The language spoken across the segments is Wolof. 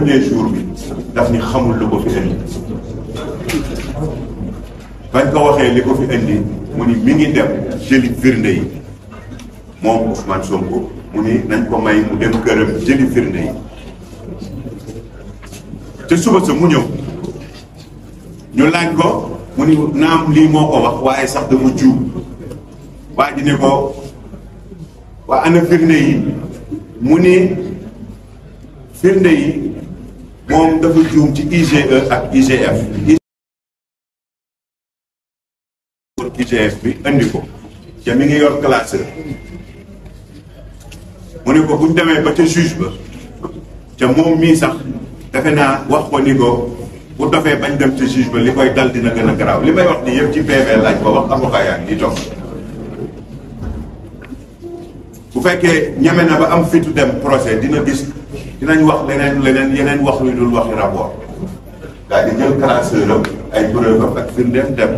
premier jour bi daf ni xamul lu ko fi indi bañ ko waxee li ko fi indi mu ni mi ngi dem jëli firnde yi moom Ousmane Sonko mu ni nañ ko may mu dem këram jëli firnde yi te suba sa mu ñëw ñu laaj ko mu ni naam lii moo ko wax waaye sax dama juum waa ji ko waa ana firnde yi mu ni firnde yi moom dafa juum ci IGE ak IGF. IGF bi indi ko te mi ngi yor classeur mu ne ko bu ñu demee ba ca juge ba te moom mii sax defe naa wax ko ni ko bu dofee bañ dem ca juge ba li koy dal dina gën a garaaw li may wax ni yëpp ci PV laaj ko wax avocat yaa ngi toog bu fekkee ñeme na ba am fitu dem procès dina gis. dinañ wax leneen leneen yeneen wax yu dul waxi rapport daal di jël classeur am ay preuve ak firndeem dem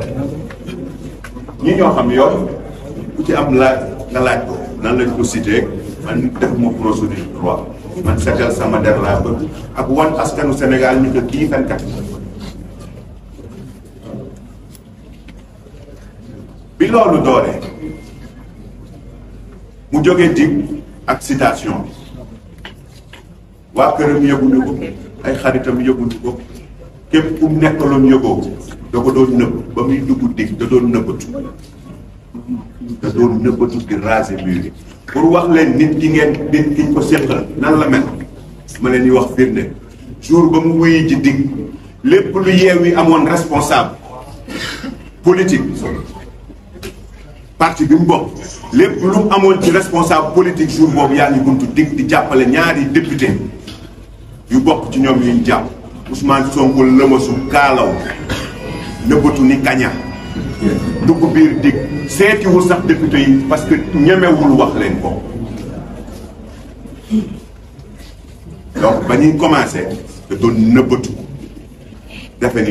ñi ñoo xam yoon ku ci am laaj nga laaj ko nan lañ ko cité man def mu procédure droit man seetal sama der laa bëgg ak wan askanu Sénégal ñu ko kii fenkat bi loolu dooree mu jógee dig ak citation waa këram yëguñu ko ay xaritam yëguñu ko képp ku nekkaloon yëgoo da ko doon nëbb ba muy dugg dig da doon nëbbatu da doon nëbbatu di raser mur yi pour wax leen nit ki ngeen nit ki ko séqal nan la mel ma leen di wax firnde jour ba mu wuyu ji dig lépp lu yeew yi amoon responsable politique parti bi mu bokk lépp lu amoon ci responsable politique jour boobu yaa ngi buntu dig di jàppale ñaari député yu bokk ci ñoom yuñ jàpp Ousmane Sonko lëmasu kaalaw nëbbatu ni kaña dugg biir dig seetiwul sax député yi parce que ñemewul wax leen ko donc ba ñuy commencé da doon ni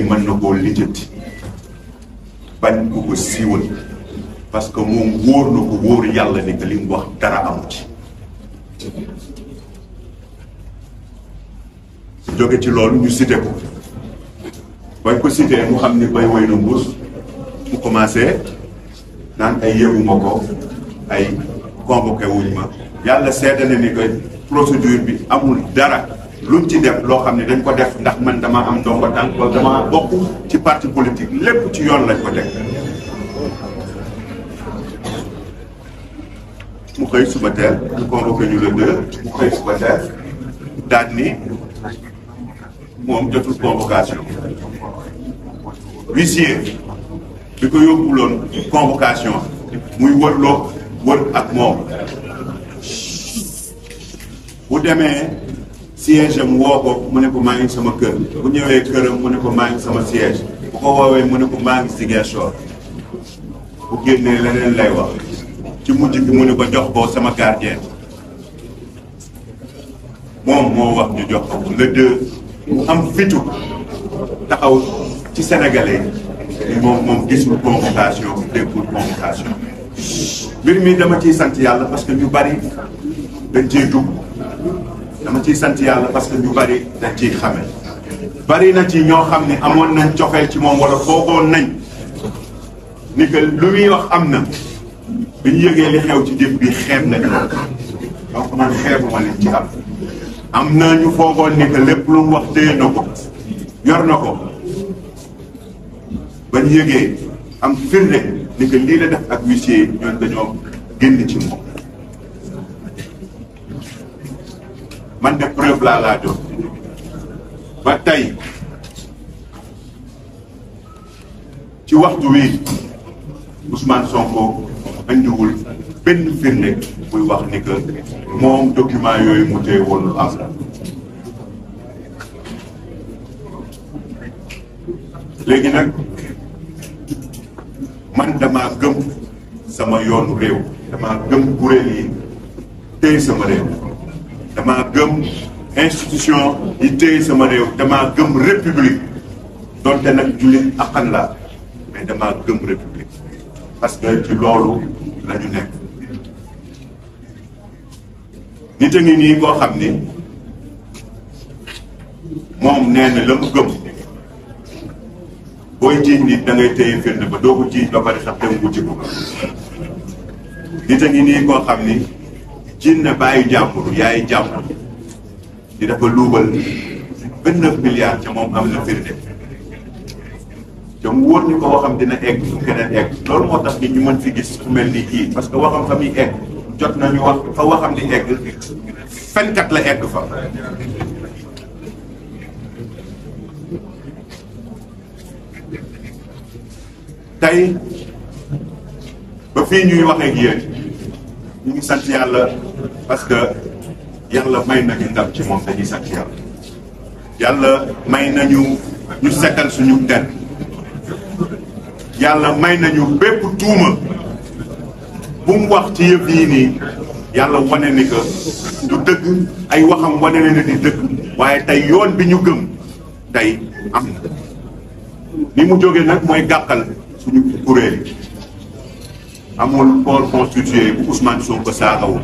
mën na koo lijjati bañ ko ko siiwal parce que moom wóor na ko wóor yàlla ni que li mu wax dara amu jóge ci loolu ñu cité ko bañ ko cité mu xam ni bay woy na mbuus mu commencé naan ay yëguma ko ay convoqué wuñ ma yàlla seede na ni que procédure bi amul dara luñ ci def loo xam ne dañ ko def ndax man dama am ndomba tànk wala dama bokk ci parti politique lépp ci yoon lañ ko teg mu xëy suba teel ñu convoqué ñu le deux mu xëy suba teel daal ni moom jotul convocation huissier bi ko yóbbuloon convocation muy wërloo wër ak moom bu demee siège am woo ko mu ne ko maa ngi sama kër bu ñëwee këram mu ne ko maa ngi sama siège bu ko woowee mu ne ko maa ngi Ziguinchor bu génnee leneen lay wax ci mujj gi mu ne ko jox ko sama gardien moom moo wax ñu jox ko le am fitu taxaw ci sénégalais moom moom gisul convocation déggul convocation mbir mi dama ciy sant yàlla parce que ñu bari dañ ciy dugg ciy sant parce que ñu bari dañ ciy na ci ñoo xam ne amoon nañ cofeel ci moom wala foogoon nañ ni que lu muy wax am na bi ñu li xew ci jëf bi xeeb nañ lool donc man xeebu ma ci am am na ñu foogoon ni lépp lu mu wax téye na ko yor na ko ba ñu yëgee am firnde ni que lii la def ak huissier ñoom dañoo génn ci moom man de preuve laa laa jox ba tey ci waxtu wi Ousmane Sonko andiwul benn firnde buy wax ni que moom document yooyu mu téye woon am la léegi nag man damaa gëm sama yoonu réew damaa gëm kuréel yi téye sama réew damaa gëm institution yi téye sama réew damaa gëm république donte nag jullit axan la mais damaa gëm république parce que ci loolu la nekk nit a ngi nii koo xam ni moom nee na la mu gëm booy jiiñ nit da ngay téye firnde ba doo ko jiiñ ba pare sax dem wuti ko nit a ngi nii koo xam ni jiiñ na bàyyi jàmbur yaay jàmbur di dafa luubal vingt-neuf milliards ca moom am na firnde te mu wóor ni ko waxam dina egg fu keneen egg loolu moo tax nit ñu mën fi gis ku mel ni kii parce que waxam fa muy egg jot nañu wax fa waxam di egg fenkat la egg fa tey ba fii ñuy wax ak ñu ngi sant yàlla parce que yàlla may nañu ndam ci moom dañuy sant yàlla yàlla may nañu ñu setal suñu den yàlla may nañu bépp tuuma bu mu wax ci yëf yii nii yàlla wane ni que dëgg ay waxam wane ne dëgg waaye tey yoon bi ñu gëm tey am na ni mu jóge nag mooy gàkkal suñu kuréel yi amul corps constitué bu Ousmane Sonko saagawul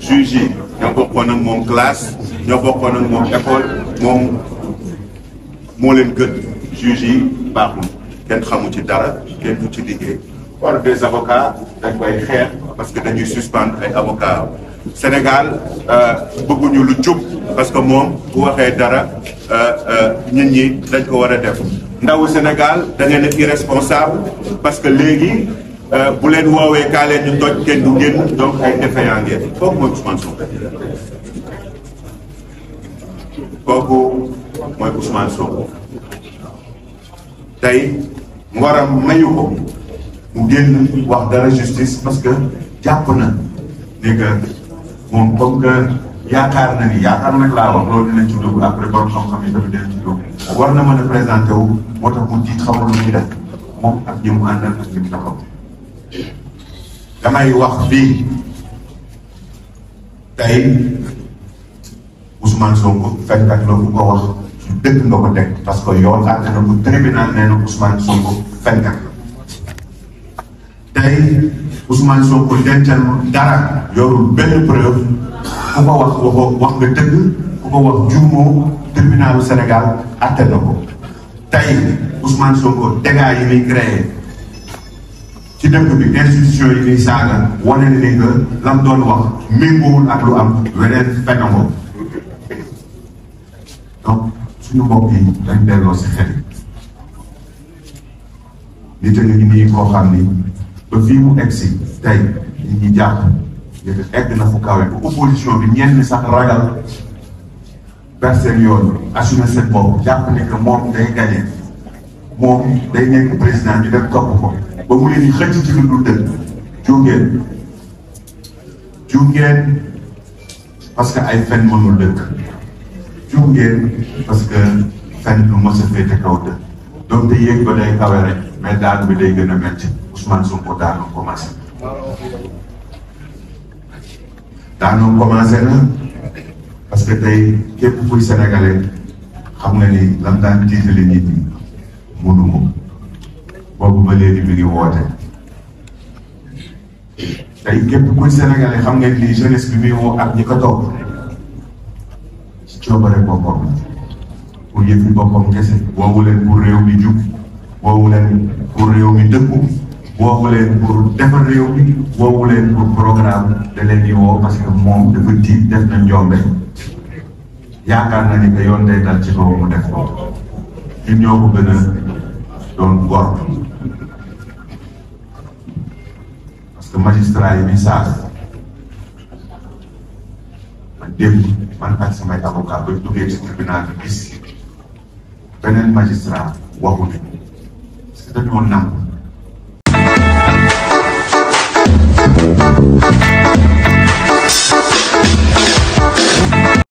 juge yi ñoo bokkoon ak moom classe ñoo bokkoon ak moom école moom moo leen gën juge yi baaxul kenn xamu ci dara kenn ci liggéey corps des avocats dañ koy xeex parce que dañuy suspendre ay avocats Sénégal euh, bëgguñu lu jub parce que moom bu waxee dara euh, euh, nit ñi dañ ko war a def ndawu Sénégal da ngeen a irresponsable parce que léegi bu leen woowee kaa leen ñu toj kenn du génn donc ay défaillant ngeen mooy Ousmane Sonko kooku mooy Ousmane Sonko tey ngoram mayu ko mu génn wax justice parce que jàpp na ne que moom comme que yaakaar na ni yaakaar nag laa wax loolu dinañ ci dugg après borom xam-xam yi war na mën a présenté wu moo tax mu tiit xamul lu muy def moom mu àndal ak ñi mu taxaw damay wax bii tey Ousmane Sonko fekk ak loolu ko wax su dëkk nga ko teg parce que yoon àtte na bu tribunal nee na Ousmane Sonko fenkat la tey Ousmane Sonko dencal dara yorul benn preuve ku ko wax waxoo wax nga dëgg ku ko wax juumoo tribunalu Sénégal atte na ko tey Ousmane Sonko dégâts yi muy créé ci dëkk bi institution yi muy saaga wane ni nga lam wax méngoowul ak lu am weneen fekk ko donc suñu mbokk yi dañ si xel nit a ngi nii koo xam ni ba fii mu egg si tey ñu ngi jàpp yéen egg na fu kawe ba opposition bi ñenn sax ragal versé yoon assumer seen bopp jàpp ne que moom day gagné moom day nekk président ñu dem topp ko ba mu leen di xëcc ci lu dul dëgg jungeen jungeen ay fen mënul dëkk jungeen parce que fen lu mës a féete kaw dëkk donte yéeg ba day kawe rek mais daan bi day gën a métti Ousmane Sonko daanu commencé daanu commencé na parce que tey képp kuy sénégalais xam nga ni lam daan tiitali nit ñi mënu ko boobu ba léegi mi ngi woote tey képp kuy sénégalais xam nga ni jeunesse bi muy woo ak ñi ko topp ci coobare boppam pour yëf yi boppam kese woowu leen pour mi jub woowu leen pour mi dëkku woowu leen pour mi woowu leen pour programme da leen di woo que moom dafa tiit def na njombe yaakaar na ni que yoon dal ci kaw mu def ko ñun ñoo ko gën a doon gor parce que beneen magistrat waxuñu parce que dañoo nangu